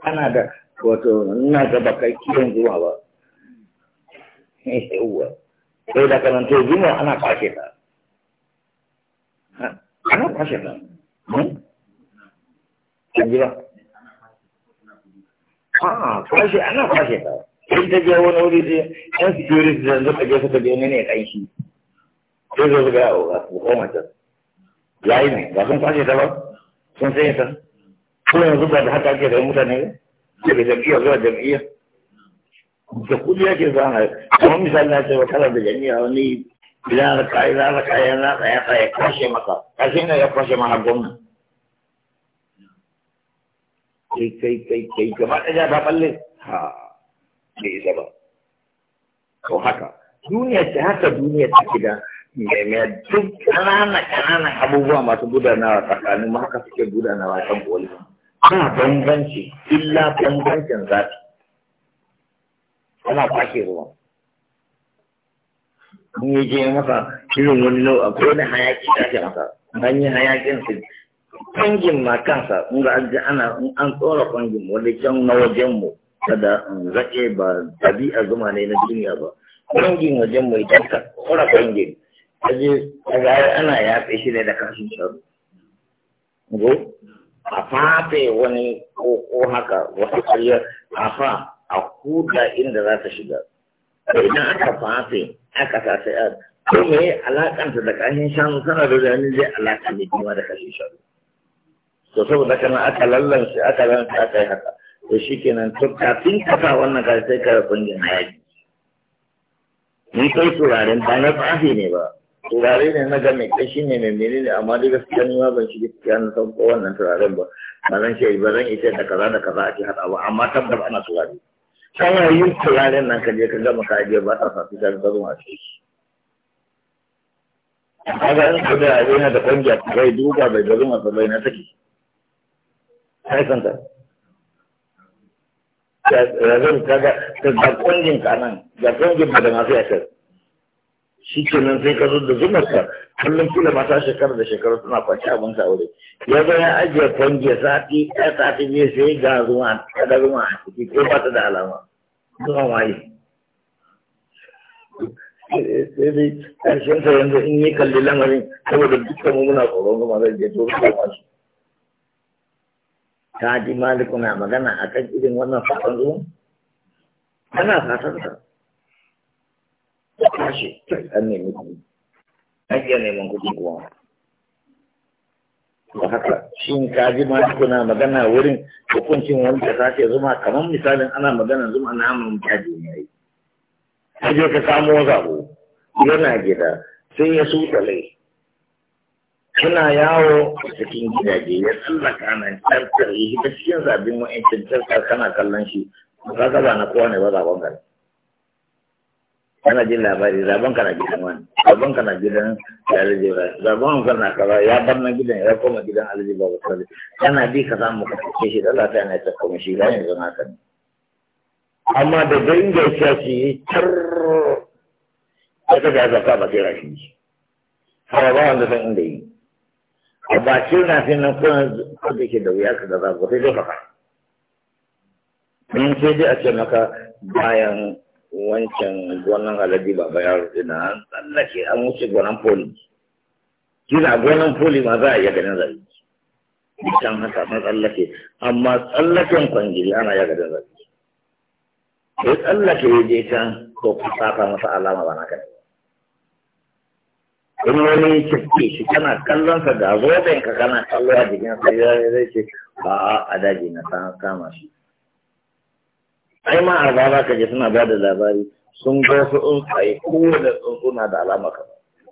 ana da wato ina gaba kai, kiyon zuwa ba yawwa sai da kanan to jima ana kwashe ta ana kwashe ta an hmm? ji ba a kwashe ana kwashe ta sai ta je wani wuri sai yan security da zuka je suka je ne kan shi sai zo su ga a koma can yayi ne ba sun kwashe ta ba sun sai ta ko yanzu ba da haka ake da mutane daga jam'iyya zuwa jam'iyya da kudi za zana Kuma misali na ce wa kala da jami'a wani idan na kayi na na kayi na tsaye tsaye kwashe maka kashe na ya kwashe ma har gwamna kai kai kai kai gaba ɗaya ta balle ha bai isa ba to haka duniya ce haka duniya ta gida mai duk ƙanana ƙananan abubuwa masu gudanawa tsakanin ma haka suke gudanawa kan policy ana bambanci illa bambancin zafi ana kwashe ruwa in ya je masa irin wani nau'a akwai wani hayaki tashi masa an yi hayakin su kwangin ma kansa in ga ana in an tsora kwangin wanda can na wajen mu kada zaƙe ba ɗabi'a zuma ne na duniya ba kwangin wajen mu idan ka tsora kwangin kaje kaga ana yafe shi ne da kashin sharu a fafe wani ko haka wata ƙarya a fa a huda inda za ta shiga idan aka fafe aka sa sai a ko me alakanta da kashin shanu tana da wani zai alaka ne kuma da kashin shanu to saboda na aka lallance aka lallance aka yi haka to shikenan to kafin ka sa wannan ka sai ka rufin hayaki ni kai turaren ba na tsafi ne ba turare ne na ga mai kashi ne mai mene ne amma dai gaskiya ni ma ban shi gaskiya na san ko wannan turaren ba ba zan ce ba zan ita da kaza da kaza a ce hada ba amma tabbas ana turare kana yin turaren nan ka je ka gama ka je ba ta fafi ta ga zuwa ciki kaga in ka da yana da kungiya bai duka bai ga zuwa ba na take sai san ta ya zan kaga ka ga kungin ka nan ga kungin ba da masu yasir shi ke nan sai ka zo da zumarka kullum kila mata shekara da shekara suna kwanci abin sa aure ya zo ya ajiye kwangiya sati ɗaya sati biyu sai ga zuma kada zuma a ciki ko ba ta da alama zuma waye sai dai ƙarshen sa yanzu in yi kalli lamarin saboda dukkan mu muna tsoron zuma zai je to rufe masu ta ji maliku na magana akan irin wannan fatan zuwa ana fatan sa tashi an nemi kuɗi iya neman kuɗi kuma da haka shin ka ji ma kuna magana wurin hukuncin wanda ta sace zuma kamar misalin ana magana zuma na amin kaji ne ai je ka samo zabo yana gida sai ya suta lai suna yawo a cikin gidaje ya tsallaka nan tsarkar yi ta cikin zabin wa'in cancantar kana kallon shi ba ka ba na kowa ne ba zaben gari kana jin labari zaben kana gidan wani zaben kana gidan alhaji ba zaben kana kaza ya bar na gidan ya koma gidan alhaji ba ba kana bi ka samu ka ce shi da lafiya na ta koma shi gane zan haka ne amma da dangar shashi tar aka ga zaka ba sai shi fara ba wanda san inda yi a bakin rafin nan kuna ko da ke da wuya ka ga zaka sai dai ka Mun sai dai a ce maka bayan wancan gwanan alade ba bayar ina an tsallake an wuce gonan poli kina gonan poli ma za a iya ganin zabi can haka an tsallake amma tsallaken kwangiri ana iya ganin zabi ko tsallake ya je can ko ku saka masa alama ba na kan in wani cike shi kana kallon ka ga zoben ka kana kallo a jikin sai zai ce ba a daji na kama shi ai ma arba ba ka je suna ba da labari sun ga wasu tsuntsaye kowane tsuntsu na da alama ko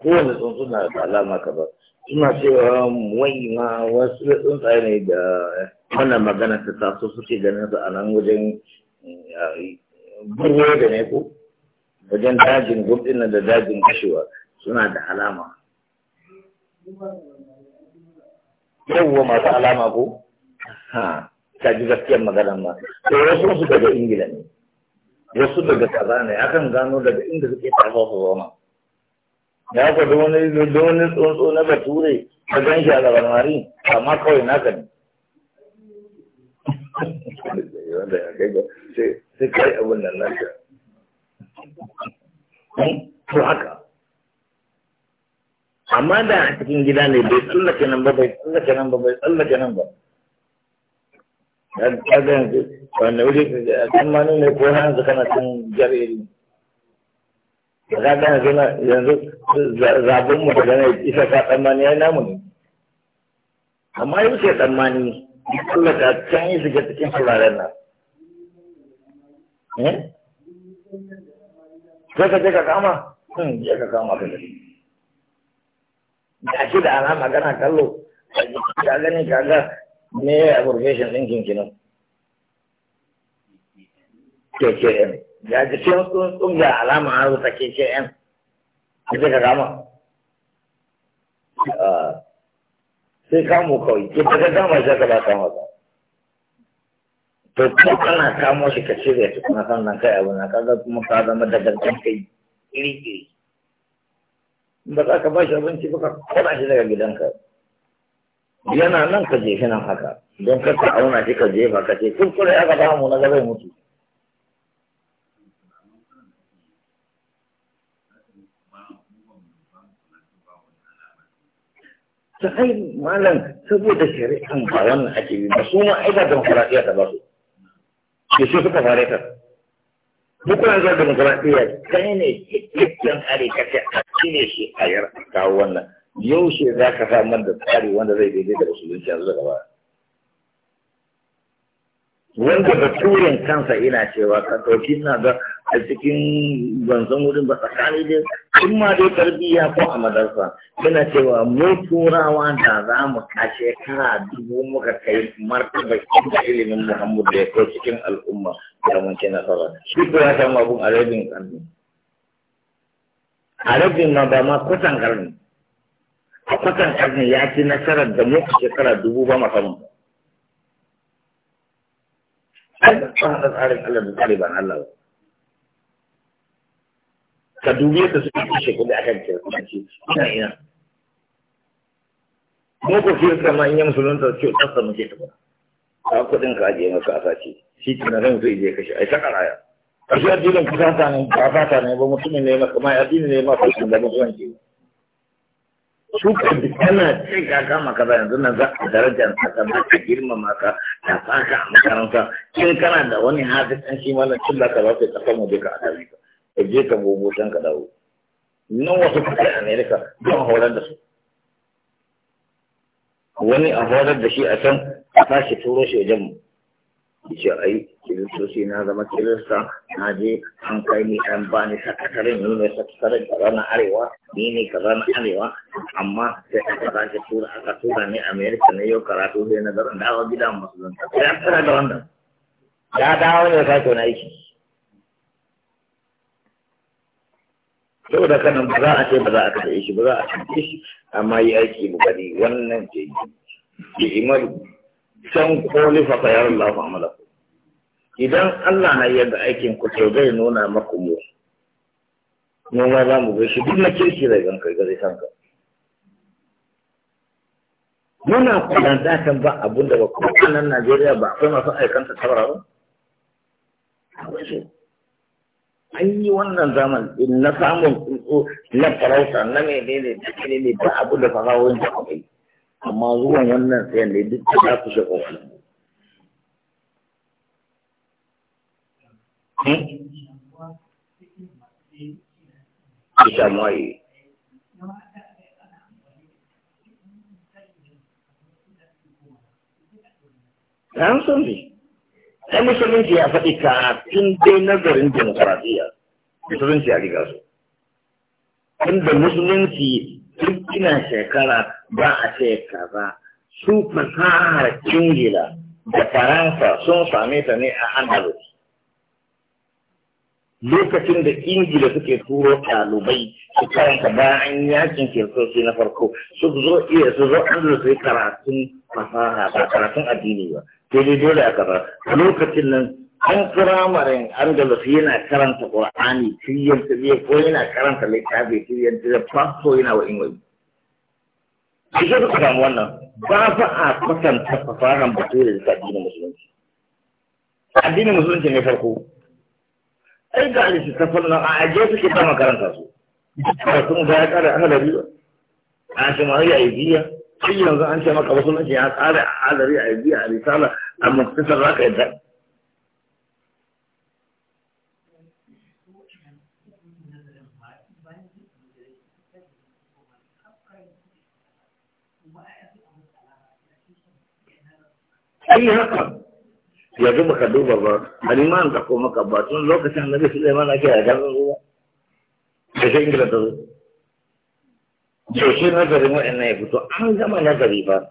kowane tsuntsu na da alama ba suna cewa wai ma wasu tsuntsaye ne da wannan magana ta taso suke ganin su a nan wajen eh, burwe da ne ko wajen dajin gurdin da dajin kashewa suna da alama yawwa masu alama ko ha ka ji gaskiyar maganar ba to wasu su daga ingila ne wasu daga kaza ne akan gano daga inda suke tafa su zama ya ka da wani tsuntsu na bature ka gan shi a labarmari amma kawai naka ne sai kai abin nan naka to haka amma da a cikin gida ne bai tsallake nan ba bai tsallake nan ba bai tsallake nan ba dan kaga yanzu wanda wuri kan manu ne ko hanzu kana cin iri. da ka gana suna yanzu zabin mu daga nan isa ka tsammani ya namu ne amma yau ce tsammani kula ka can yi shiga cikin turaren nan sai ka je ka kama hmm je ka kama ka da ga shi da alama gana kallo ka gani ka ga me ya abrogation ɗin kinkinan KKM ya ji sun tsunga alama an rubuta KKM a ka gama ah. sai kamo kawai ke daga gama sai ka ba ka ba to ko kana kamo shi ka cire shi kuma sannan kai abu na kaga kuma ka zama da dangan kai iri iri ba za ka ba shi abinci ba ka kona shi daga gidanka yana nan ka je shi nan haka don ka ka auna shi ka jefa ka ce kurkure kure aka mu na zai mutu ta ai malam saboda shari'an ba wannan ake yi, ba su ma ai ba demokuraɗiyya ta ba su ke su suka fare ta dukkan zuwa demokuraɗiyya kai ne cikakken are ka a cikin shi a yar kawo wannan yaushe za ka samar da tsari wanda zai daidai da musulunci a gaba wanda turin kansa ina cewa ka ɗauki na ga a cikin banzan wurin ba tsakani dai in ma dai tarbiyya ko a madarsa yana cewa mu turawa da za mu kashe kara dubu muka kai martaba da ilimin muhammadu da ya kai cikin al'umma da mun ci nasara shi ko ya samu abun arabin rabin arabin a ma ba ma kusan karni a kwatan ƙarni ya ci nasarar da muka shekara dubu ba musamman ai ba sa haɗa tsarin Allah da tsari ban Allah ba ka dubi yadda suke kashe kuɗi a kan kirkumanci ina ina mu ko fiye kama in yi musulunta ce tsasta muke ta ba ka kuɗin ka ajiye maka a sace shi ke na zan zai je kashe ai ta karaya shi addinin kusa ta ne ba fata ne ba mutumin ne maka ma addinin ne ma fasin da mutuwanci ne su kana ce ka kama kaza yanzu nan za a darajar ta ka za ka girmama ka da saka a makaranta kin kana da wani ɗan shi mana cin da ka za ka kafa mu duka a kare ka ka je ka bobo can ka dawo nan wasu ka Amerika don horar da su wani a horar da shi a can a tashi turo shi wajen mu ce ai kiristoci na zama kirista na je an kai ni an ba ni sakatare ni ne sakatare kaza na arewa ni ne kaza na arewa amma sai aka sake tura aka tura ni america ne yau karatu sai na garin dawo gida musulunta sai an tsara da wannan ya dawo ne sake wani aiki saboda kana ba za a ce ba za a kashe shi ba za a kashe shi amma yi aiki mu gani wannan ce yi imani can koli fa sayar Allah amalaku idan Allah na yadda aikin ku to zai nuna maku mu mu ma za mu gaishe duk na kirki da kai gari kanka muna kwalanta kan ba abun da ba kuma nan Najeriya ba akwai masu aikanta tabara ba an yi wannan zaman na samun tsuntsu na farauta na menene da ne ba abu da fasahowin da akwai amma zuwan wannan tsayan da duk ta kushe ƙoƙarin hmm? Isha mwaye. Ran sun ne. Ɗan musulunci ya faɗi kafin dai nazarin demokaradiyya. Musulunci ya riga su. da musulunci duk ina shekara ba a ce kaza su fasahar ingila da faransa sun same ta ne a andalus lokacin da ingila suke turo ɗalibai su karanta bayan yakin kirkosi na farko su zo iya su zo andalus su yi karatun fasaha ba karatun addini ba sai dole a kaza a lokacin nan an firamarin andalus yana karanta qur'ani tiyan tiryan ko yana karanta littafi tiyan tiryan fasto yana wa a Ita suka samu wannan ba fa a kwatanta fasahan bature da addinin musulunci. Addinin musulunci ne farko. Ai ga ta fannin a ajiye suke ta makaranta su. Ba sun ga ya kare ahalari ba. A ya a biya Ai yanzu an ce maka musulunci ya kare ahalari a ibiya a risala a mutasar za ka yi هناك أي هكذا يا دوبا كدوبا با حليمان تقوم كبا تون لو كسان نبي سليمان أكي أجل الله كيف إنك لتو جوشي نظري مو إنا يفتو عن زمان نظري با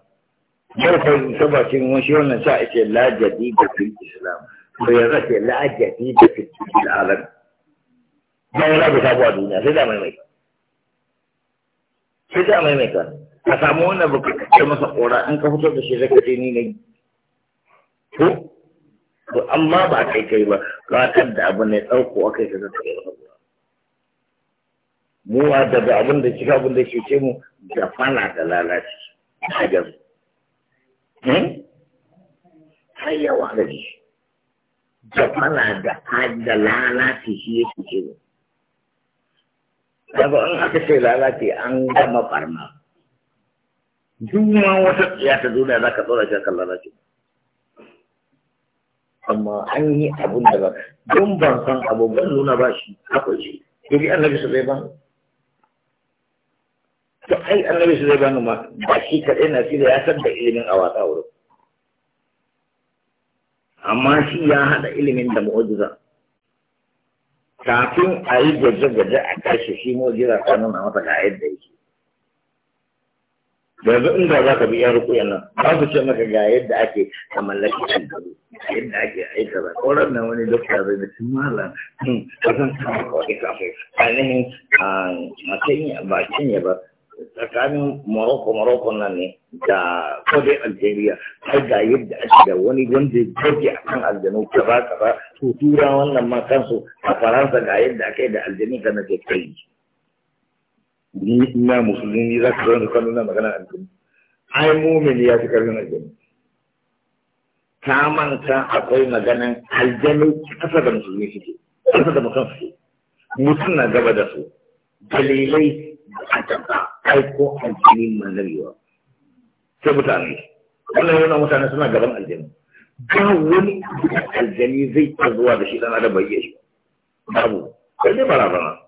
جوفا يتوبا تنمو شيونا سائشي لا جديد في الإسلام ويغسي لا جديد في العالم ما يلا بسابوا دينا سيدا ما يميك سيدا ما يميك أسامونا بكتشمس قراء أنك فتو تشيزك تيني نجي to to amma ba kai kai ba kawatar da abu ne ɗauko kai ka zata ta ba mu a da abin da kika abin da ke ce mu da fala da lalaci a gazu hmm? sai ya da shi da fala da da lalaci shi ya ce mu daga an aka ce lalaci an gama farma duk ma wata tsiya ta zo da za ka tsora shi kan lalaci amma an yi abun da ba don ban san abu ban nuna ba shi akwai shi duk annabi su zai ba to ai annabi su zai ba ma ba shi kaɗai na fi da ya san da ilimin a wasa wurin amma shi ya haɗa ilimin da mu'ujiza kafin a yi gaje-gaje a kashe shi mu'ujiza ta nuna masa ga yadda yake yanzu inda za ka bi yan rukuya nan ba su ce maka ga yadda ake a mallaki gado yadda ake aika ba koran na wani dokta zai da cin mala hmm, a san kama kawai kafin ainihin ah, a kenya ba ya ba tsakanin morocco morocco nan ne da kodai algeria har ga yadda ake da wani wanda ya a kan aljanu kaza kaza to tura wannan ma kansu a faransa ga yadda ake da aljanu kana ke kai ni ina musulmi za ka zauna kwallon na magana aljini ai mumin ya fi karfin aljini ta manta akwai maganan aljini kasa da musulmi suke kasa da mutum suke mutum na gaba da su dalilai a taɓa aiko aljini manzarewa sai mutane wannan yana mutane suna gaban aljini ga wani aljini zai ta zuwa da shi dan adam bai shi babu kai dai barabara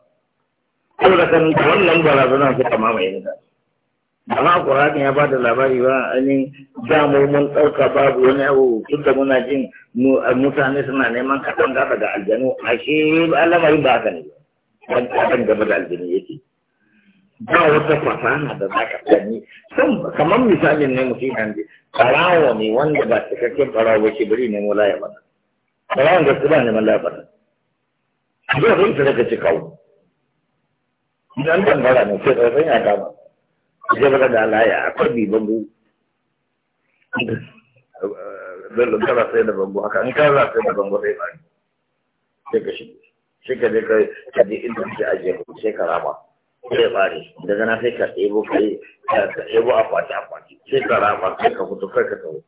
Allah kan wannan barazana suka mamaye ka ma Qur'ani ya bada labari ba da mu mun ɗauka babu wani abu tunda muna jin mutane suna neman katanga daga aljanu ashe mai ba haka ne ba kan gaba da aljanu yake ba wata fasaha da za ka gani sun kamar misalin ne mutum kan ji farawa ne wanda ba cikakken farawa ba shi bari ne mu laya da su ba ne mun laya bana zai fi daga cikawo Idan dangara ne sai tsarsan ya kama. Jabar da alaya akwai bi bango. Bello kara sai da haka in kara sai da sai Sai ka shigo. Sai ka je ka je inda kake ajiye ku sai ka rama. Sai daga na sai ka ɗebo kai ka ɗebo sai ka rama sai ka fito kai ka tawo.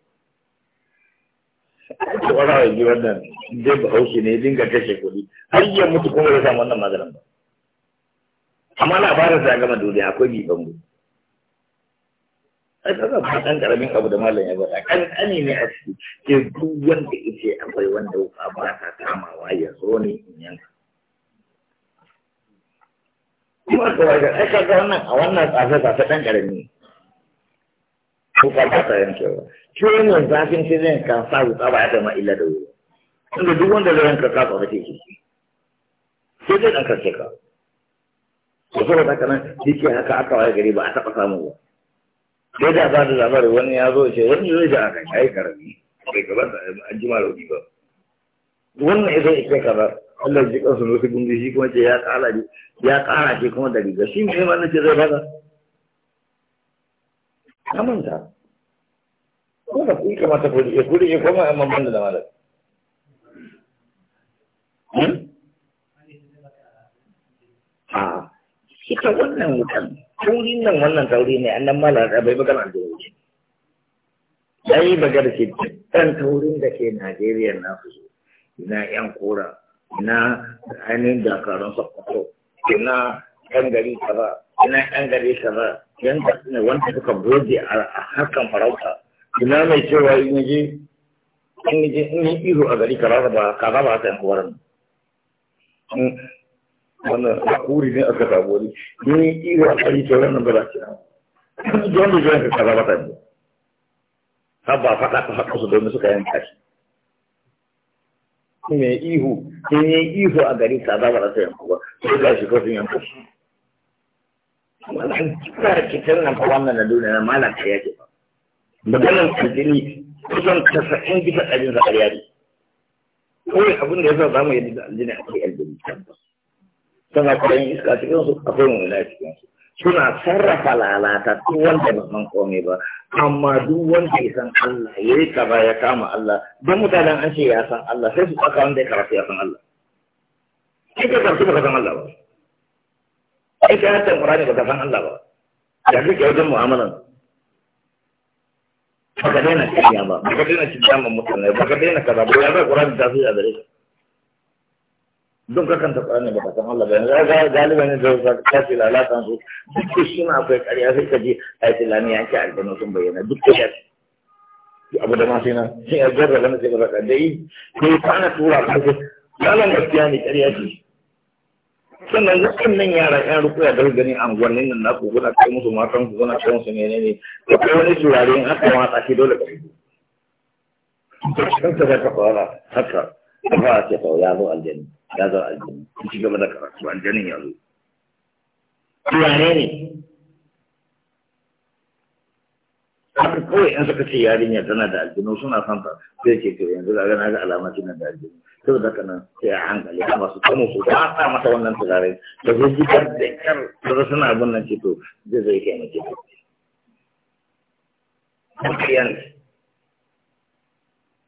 Wani wa yi wannan dai bahaushe ne dinga kashe kuɗi har yi mutu kuma da samun wannan maganin ba. amma labarin sa gama duniya akwai biban mu ai kaga ba dan karamin abu da mallam ya bada kan kani ne a su ke duk wanda yake akwai wanda ba ba ta kamawa ya zo ne in yanka kuma ka wajen ai kaga wannan a wannan tsafe ta dan karami ko ka ba ta ba. shi wannan zafin shi zai ka sa wuta ba ya da ma illa da wuri inda duk wanda zai yanka ka ba take ke sai dai dan karshe ka da zuwa da kanan ke haka aka waye gari ba a taɓa samu ba sai da ba da labari wani ya zo ce wani zai da aka kai karami bai gaba da an jima rauni ba wannan idan ita kaza Allah ji kansu ne su gungu shi kuma ce ya kara ne ya kara ce kuma da riga shi mai wannan ce zai baka amanta ko da kuka mata ko da kuka ya kuma amma ban da malam hmm? Ah. ita wannan wutan taurin nan wannan tauri ne annan mala da bai magana da wuce dai bagar shi dan taurin da ke Najeriya na su ina yan kora ina ainihin dakarun sokoto ina yan gari kaza ina yan gari kaza yan ne wanda suka goge a harkan farauta ina mai cewa in je in je in yi iro a gari kaza ba kaza ba ta yan wannan hakuri ne aka samu wani ne iri a tsari ta wannan ba za ki nan don da jiran ka kaza mata ne har ba faɗa ka haɗa su domin suka yanka shi ne ihu sai ne ihu a gari kaza ba za ta yanku ba sai ga shi kofin yanku wannan kira kitan nan fa wannan na duniya na malam ta yake ba maganar aljini kusan tasa'in bisa ɗarin za a yari kawai abin da ya sa za mu yadda aljini akwai aljini tabbas suna kayan iska cikin su akwai mummuna cikin su suna sarrafa lalata duk wanda ba san komai ba amma duk wanda ya san Allah ya yi kaza ya kama Allah don mutanen an ce ya san Allah sai su tsaka wanda ya karatu ya san Allah sai ka karatu ba ka san Allah ba sai ka hatta Qur'ani ba ka san Allah ba da kake wajen mu'amalan baka daina cikin ba ka daina cikin mutane ka daina kaza ba ya ba Qur'ani ta su a gare ka don kakan ta tsane ba san Allah ba yanzu galiba ne da ka kace lalatan su duk suna akwai ƙarya sai ka ji ai tilani yake aljanu sun bayyana duk da abu da ma sai na sai a jarra lana sai ba ka dai sai ka na tura ka sai lalan gaskiya ne ƙarya ce sannan waɗannan yara ƴan rukuya da gani a gwanin nan naku kuna kai musu matan ku kuna kai musu menene da kai wani turare in aka watsa shi dole ka fito. Kanta da ka fara haka ba a ce to ya zo aljanna ya zo aljanna ku ci gaba da karatu aljanna ya zo yare ne haka kawai yan suka ce yarinya tana da aljinu suna son ta zai ce to yanzu ga na ga alama tana da aljinu saboda haka nan sai a hankali kuma su kama su ba sa mata wannan turare da zai ji kar da kar da suna abin nan ce to zai zai kai mace ta. Mutiyan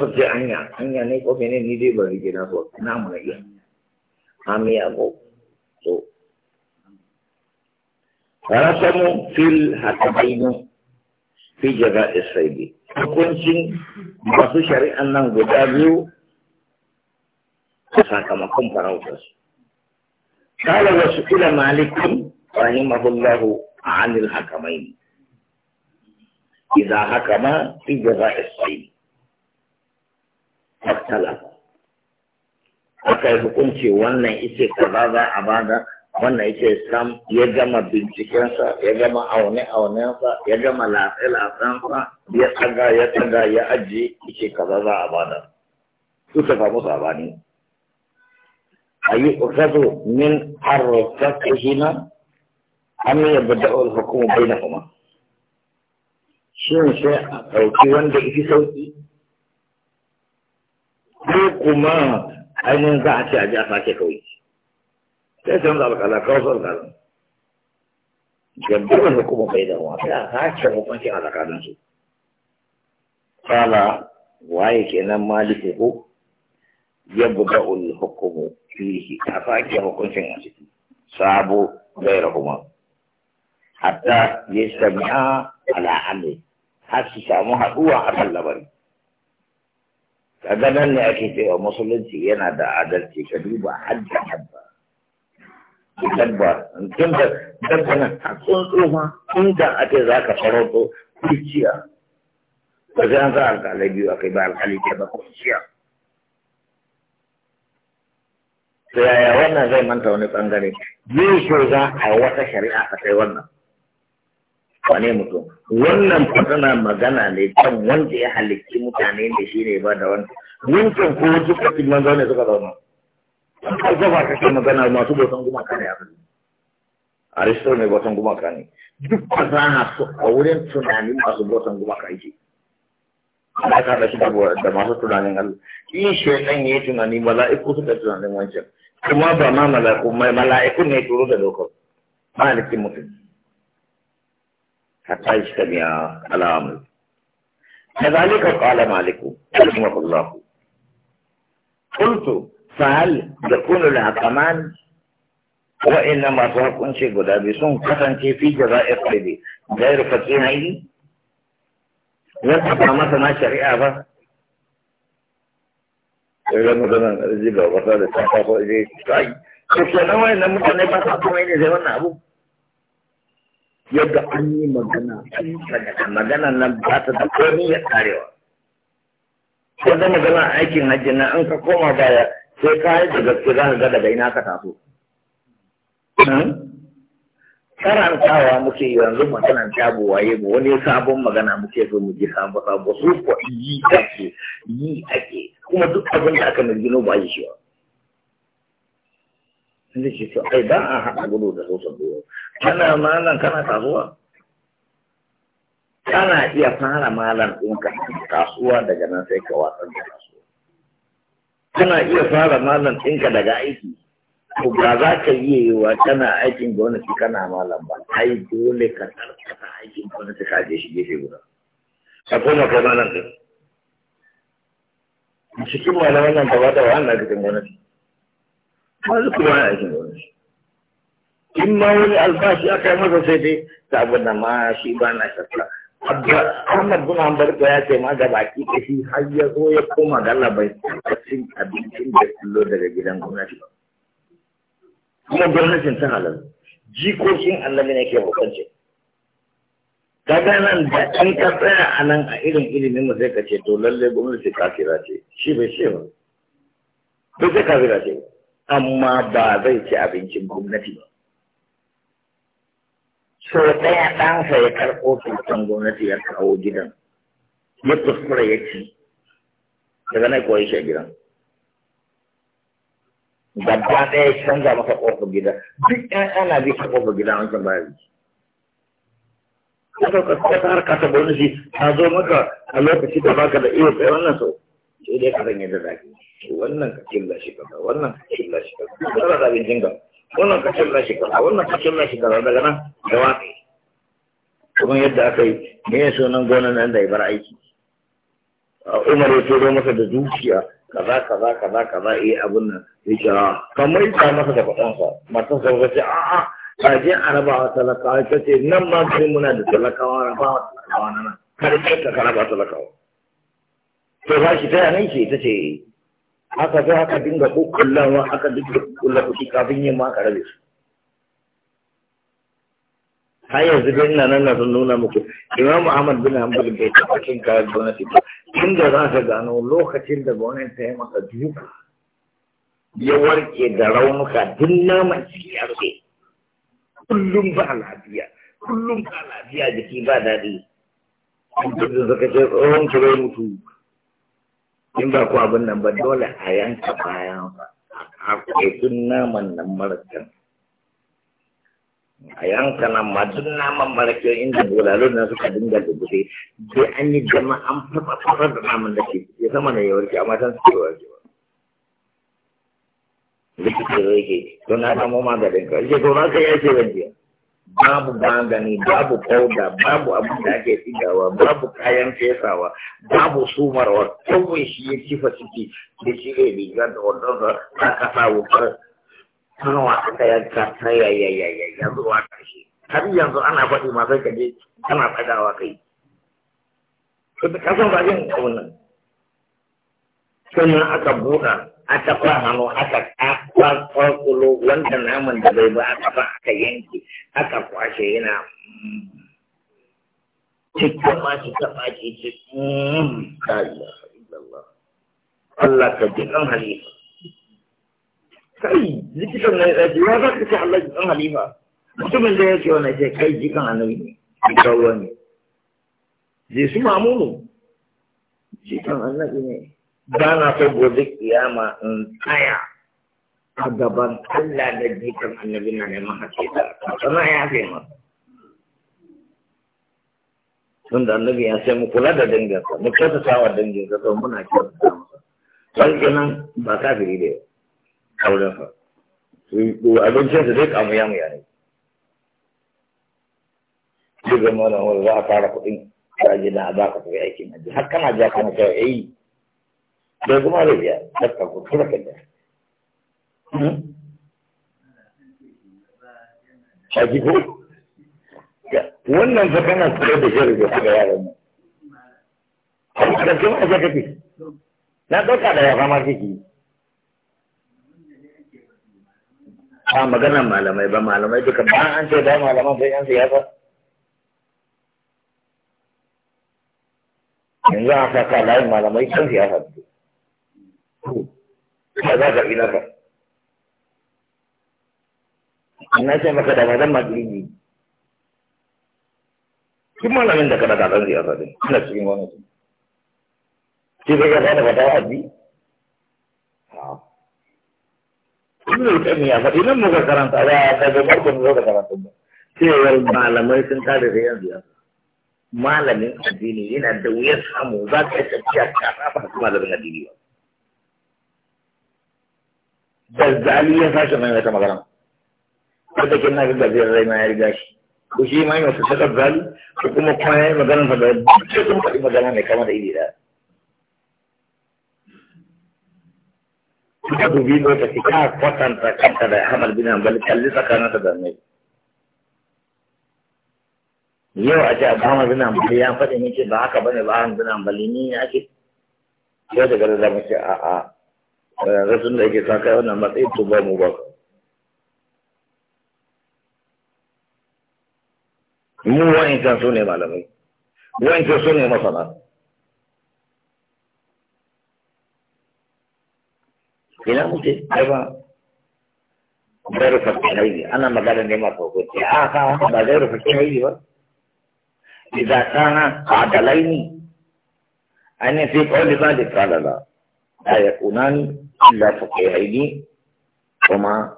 su ce hanya hanya ne kofi ne, ni dai bari gida so na mu na iya hami ago so rasamu fil hakabainu fi jaga isaidi hukuncin masu shari'an nan guda biyu sakamakon farautarsu wasu وسئل مالك رحمه a عن الحكمين إذا حكم fi جزاء الصيد tattala aka yi hukunci wannan ice kaza za a bada wannan ice sam ya gama bincikensa ya gama aune-aunensa ya gama latsa-latsansa ya tsaga ya tsaga ya ajiye ice kaza za a bada su ta samu sabani a yi ukadu min ta hina? an yi da hukumu bai na kuma shin sai a ɗauki wanda ifi sauki kuma ainihin za a ce a ji a sake kawai sai can zaɓa kala kawasar kalan jam'iyyar da kuma bai da sai a sake hukunci a tsakaninsu Fala waye kenan maliki ko ya buga hukumu fihi a sake hukuncin a ciki sabo gaira kuma hatta ya sami'a ala amri har su samu haɗuwa a kan labari kaga nan ne ake cewa musulunci yana da adalci ka duba hajji dabba dabba tun da dabba nan a tsuntsu ma tun da ake za ka farauto kurciya ba sai an sa alƙalai biyu a kai ba alƙali ke ba kurciya to yaya wannan zai manta wani ɓangare zai so za a wata shari'a ka kai wannan wane mutum wannan fatana magana ne kan wanda ya halicci mutane da shi ne ba da wanda wancan ko wasu kafin man zaune suka zauna an karfafa kake magana masu bautan gumaka ne a kan aristo ne bautan gumaka ne duk fasaha su a wurin tunanin masu bautan gumaka yake ana kada shi da masu tunanin Allah in shi ya yi tunani mala'iku suka tunanin wancan kuma ba ma mala'iku ne turo da lokacin malikin mutum حتى يجتمع على عمل كذلك قال مالك رحمه الله قلت فهل يكون الحكمان وإنما صاحب شيء قد في جزاء قريبي غير فقيهين يبقى مثلا شريعة فهل idan mutanen arziki ga wasa da ta faso ide kai ko kenan wayannan mutane ba yadda an yi magana magana nan ba ta da komi ya karewa ko da magana aikin hajji na an ka koma baya sai ka yi da gaske za ka ga daga ina ka taso hmm? karantawa muke yanzu maganan tabu waye mu wani sabon magana muke so mu ji sabon sabon su ko yi ake yi ake kuma duk abin da aka mirgino ba yi shi ba. Sun ce ai ba a haɗa gudu da sosai. kana malam kana kasuwa kana iya fara malam ɗinka kasuwa daga nan sai ka watsa da kasuwa kana iya fara malam ɗinka daga aiki ko ba za ka yi wa kana aikin gwamnati kana malam ba ai dole ka tarkata aikin gwamnati ka je shi gefe guda ka koma kai malam ɗin cikin malaman nan gaba da wannan cikin gwamnati ba su kuma aikin gwamnati in ma wani albashi aka yi masa sai dai ta da ma shi ba na shakka Ahmad bin Hanbal ya ce ma ga baki kashi har ya zo ya koma galabai cin abincin da kullo daga gidan gwamnati ba. Kuma gwamnatin ta halar jikokin annabi ne ke hukunci. Kaga nan da an ka tsaya a nan a irin ilimin mu sai ka ce to lalle gwamnati kafira ce shi bai ce ba. Bai ce kafira ce amma ba zai ci abincin gwamnati ba. so ɗaya ɗansa ya karɓo tutan gwamnati ya kawo gidan ya kuskura ya ci daga nan koyi shi a gidan gaba ɗaya ya canza masa ƙofar gida duk ɗan ana bi ta ƙofar gida wancan baya ko ka ɗauka ta harka ta gwamnati ta zo maka a lokaci da baka da iya tsaye wannan sau sai dai ka sanya da zaki wannan ka killa shi kaza wannan ka killa shi kaza kuma da abin jinga wannan kacin na shekara wannan kacin na shekara daga nan da ne. kuma yadda aka yi ne ya sunan gonan nan da ya bar aiki umar ya turo masa da dukiya kaza kaza kaza kaza eh abun nan ya ce a ah, kamar ita masa da faɗansa matan sa ta ce a'a ka je a raba wa talakawa ta ce nan ma sai muna da talakawa raba wa talakawa nan kar ka raba talakawa to ba shi ta yanan ce ta ce aka zo aka dinga kullawa aka dinga kulla kuɗi kafin yin maka rabe su har yanzu dai ina nan na sun nuna muku imam ahmad bin hanbal bai taɓa cin kayan gwamnati ba inda za ka gano lokacin da gwamnati ta yi maka duka ya warke da raunuka duk naman ciki a rufe kullum ba lafiya kullum ba lafiya jiki ba daɗi. da suka ce tsohon kure mutu in ba ku abin nan ba dole a yanka bayan a sun naman nan marakan a yanka nan ma duk naman marakan inda bulalun nan suka dinga dubbe sai an yi jama an fafa fafa da naman da ke ya sama da yawarki a san su yawa ke likita zai ke to na samu maganin ka ya to na ka yace ban jiya babu magani babu kauda babu abin da ake tsigawa babu kayan fesawa babu sumarwa kawai shi ya kifa ciki da shi ne riga da wannan da ta kasa wukar tunawa aka yanka ta yayayaya yanzu wa shi har yanzu ana faɗi ma sai ka je kana tsagawa kai ka san ba yin abin sannan aka buɗa aka fa hannu aka kwakulo wanda naman da bai ba aka fa aka yanke aka kwashe yana cikin masu taɓa ce ce Allah ka ji ɗan halifa kai likitan na ya ji za ka ce Allah ji ɗan halifa mutumin da ya ce wani ce kai jikan annabi ne jikan wani zai su mamunu jikan annabi ne ba na so gobe kiyama in tsaya a gaban Allah da jikan annabi na neman haƙe da sana ya fi ma tun da annabi ya sai mu kula da danginsa mu kyauta sawa danginsa to muna kyauta sa masa wani kenan ba kafiri kaurin yau kaurinsa abincinsa dai kamu ya mu yare duk da mana wani za a fara kuɗin ka ji na ba ka fi aikin hajji har kana ja kana kai bai kuma da biya daga kuma ka da a jiko wannan fa kana kula da shirin da suka yaran nan a da kuma a jakafi na ɗauka da ya fama kiki a maganar malamai ba malamai an yan siyasa a layin malamai siyasa ba ka ina ba na ce maka da mazan magribi kin malamin da kana kaɗan zai asa din ina cikin wani su shi zai gasa da fata wa'azi ibn al-qayyim ya faɗi nan muka karanta da ta ga barkon zo da karatu ba cewar malamai sun tare da yanzu ya malamin addini yana da wuyar samu za ka yi tafiya ka دزاليه ناس من هذا مكان هذا كنا نقدر نزاري ما يرجعش وشي ما يوصل هذا دزال كم مكانه مكان هذا بس كم مكان نكمل هذه لا كذا دوبين هو تكيكا قطان تكانت هذا هم اللي بينهم بل كل شيء كانه هذا مني يو أجا بهم اللي بينهم بل يامفتي مني شيء باك بني باهم بينهم بل يني أكيد يو تقدر تعمل شيء آآ rasun da yake sa kai wannan matsayi to ba mu ba mu wa'incan su ne malamai wa'incan su ne masana ina muke ai ba zai rufa kinayi ana magana ne masu hukunci a ah, ka ba zai rufa kinayi ba إذا كان عدلين أن في قول ذلك قال لا لا يكونان illa aini kuma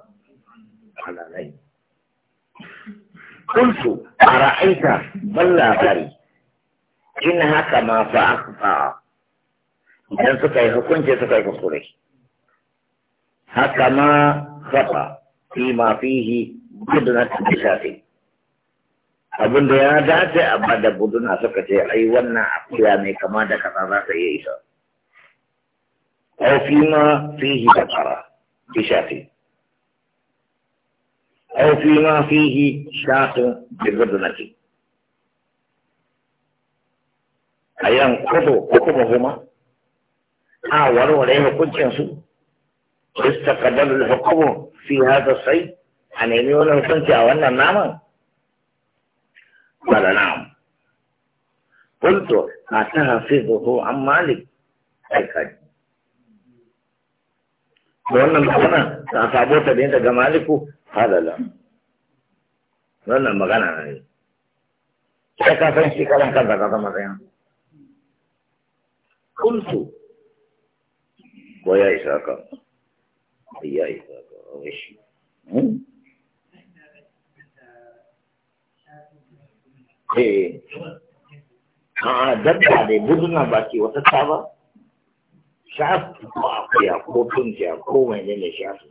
halalai kuntu ara'aita ban labari in haka ma fa akfa idan suka yi hukunci suka yi kuskure haka ma kafa fi ma fihi gudunat bishafi abin da ya dace a bada guduna suka ce ai wannan akuya mai kama da kaza za ta iya isa أو فيما فيه بقرة بشاة أو فيما فيه شاة أيام قطو حكمهما أعور آه، عليه كنت ينسو استقدر الحكم في هذا الصيد أن يميون كنت أولنا نعم قال نعم قلت أتحفظه عن مالك الحج da wannan magana ta sabo ta ne daga maliku halala wannan magana na ne sai ka san shi kalan kan ka san matsayin kuntu ko ya isa ka ya isa ka shi hmm? eh a dabba dai buduna ba ce wata ta ba shafi ko akuya ko tunkiya ko mai ne shafi